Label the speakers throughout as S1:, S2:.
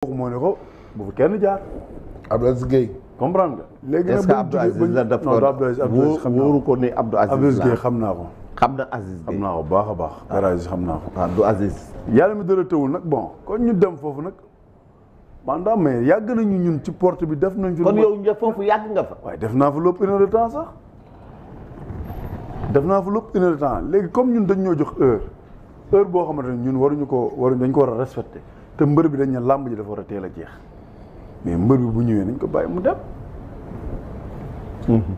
S1: waxuma ne ko bu fi kenn jaar. Abdou Aziz Guèye. comprendre nga. léegi nag bu ñu jugee ba non Abdou Aziz wóoru ko ni Abdou Aziz Guèye xam naa ko. xam na Aziz Guèye xam naa ko baax a baax. Père ah. Aziz xam naa ko. Abdou Aziz. yàlla mi dara tëwul nag bon kon ñu dem foofu nag maanaam mais yàgg nañu ñun ci porte bi def nañ. fi kon yow nga foofu yàgg nga fa. waaye def naa fa lépp une heure de temps sax def naa fa lépp une heure de temps léegi comme ñun dañ ñoo jox heure heure boo xamante ne ñun waruñu ko waruñ dañ ko war a respecté te mbër bi dañ làmb ji dafa war a teel a jeex mais mbër bi bu ñëwee nañ ko bàyyi mu dem. Mhm.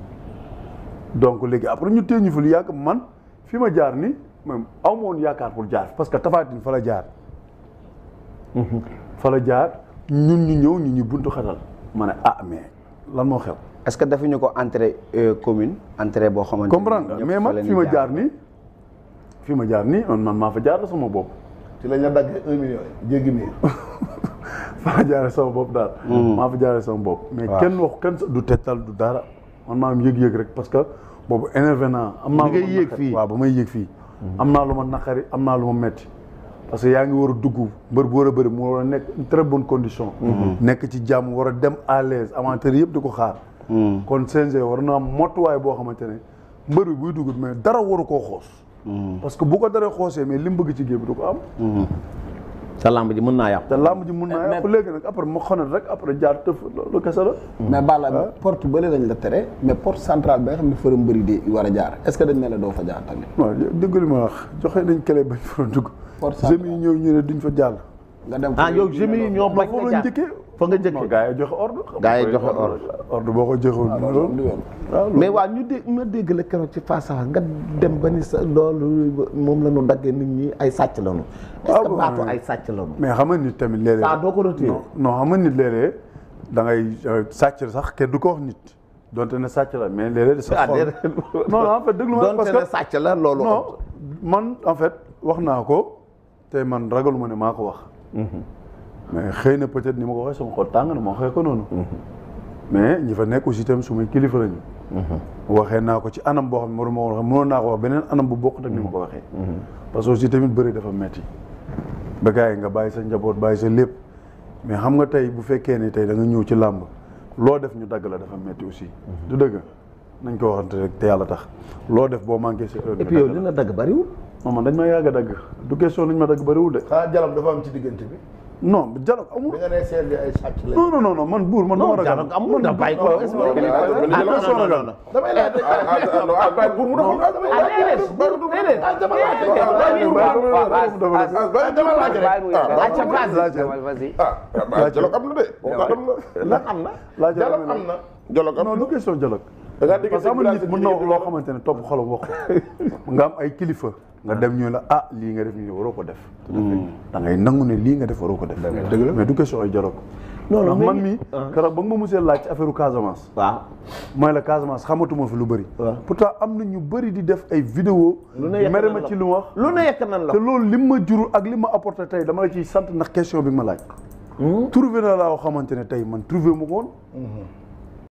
S1: donc léegi après ñu téye ñu fi lu yàgg man fi ma jaar ni moom aw ma yaakaar pour jaar parce que tafaatin fa la jaar. Mhm. fa la jaar ñun ñu ñëw ñu ñu buntu xatal ma ne ah mais lan moo xew. est que dafa ñu ko entrée euh, commune entrée boo xamante comprendre mais man fi ma jaar ni fi ma jaar ni man maa fa jaar la sama bopp. ci lañ la daggee un million jéggi miir. faa jaare sama bopp daal. Hmm. maa fa jaare sama bopp. mais kenn wax kenn du tettal du dara man maa am yëg-yëg rek parce que boobu énervé am naa lu ma ba may yëg fii. Hmm. am naa lu ma naqari am naa lu ma metti parce que yaa ngi war a dugg mbër bu war a bëri mu war a nekk une très bonne condition. Hmm. nekk ci jàmm war a dem à l'aise amateurs yëpp di ko xaar. kon CNG war naa motuwaay boo xamante ne mbër bi buy dugg mais dara waru koo xoos. Mm. parce que bu ko daree xoosee mais li mu bëgg ci géew bi du ko am. Mm. te lamb ji mën naa yàqu. te lamb ji mën naa yàqu léegi nag après ma xonal rek après jaar tëf loolu kese la. Mm. mais ba ah. porte bële lañ la tere mais porte centrale bi nga xam ne fa la mbëri di war a jaar est-ce que dañ ne la doo fa jaar tamit. waaw dégg li ma wax joxe nañ clé bañ fa dugg. porte yi ñëw ñu duñ fa jàll. nga dem fa ah yow jëmi yi ñoo bañ nga jaar fa nga njëkkee gaa yi joxe ordre. gaa yi joxe boo ko joxul. Ah, ah, mais waa ñu dégg ma dégg la keroog ci face à nga dem ba ni sa loolu moom la ñu daggee nit ñi ay sàcc la ñu. Ah, est-ce que baatu mais xam nga nit tamit léeg-léeg. doo ko retiré non xam nga da ngay euh, sàcc sax kenn du ko wax nit. donte ne sàcc mais léeg déglu ma ne sàcc la loolu. non man en fait wax naa ko te man ragaluma ne maa ko wax. Mhm. mais xëy na peut être ni ma ko waxee sama xol tàng na ma waxee ko noonu. mais ñi fa nekk aussi tamit su kilifa lañu. waxee naa ko ci anam boo xam ne waruma woon mënoon ko wax beneen anam bu bokk ak ni ma ko waxee. parce que aussi tamit bëri dafa metti ba gars yi nga bàyyi sa njaboot bàyyi sa lépp mais xam nga tey bu fekkee ni tey da nga ñëw ci làmb loo def ñu dagg la dafa metti aussi. du dëgg nañ ko waxante rek te yàlla tax loo def boo manqué sa heure. et puis yow li nga dagg bariwul. man dañ ma yàgg a du question nañ ma dagg bariwul de. xanaa jalam dafa am ci diggante bi. non dialogue amul. non non non man buur man. non dialogue amul da bàyyi ko. dialogue am na du ah, question dialogue parce que amul nit mën na loo xamante ne topp xolam wax nga am ay kilifa nga dem ñu la ah lii nga def nii waroo ko def. Mm. da ngay nangu ne lii nga def waroo ko def. dëgg la mais du question ay jaroo ko. man mi ah. keroog ba nga ma musee laaj ci affaire Casamance. waaw mooy la Casamance xamatuma fi lu bëri. pourtant am na ñu bëri di def ay vidéo mere ma ci lu wax. lu ne yekk nan la te loolu li ma jur ak li ma apporté tey dama la ciy sant ndax question bi ma laaj. Hmm? trouvé na laa xamante ne tey man trouvé mu ko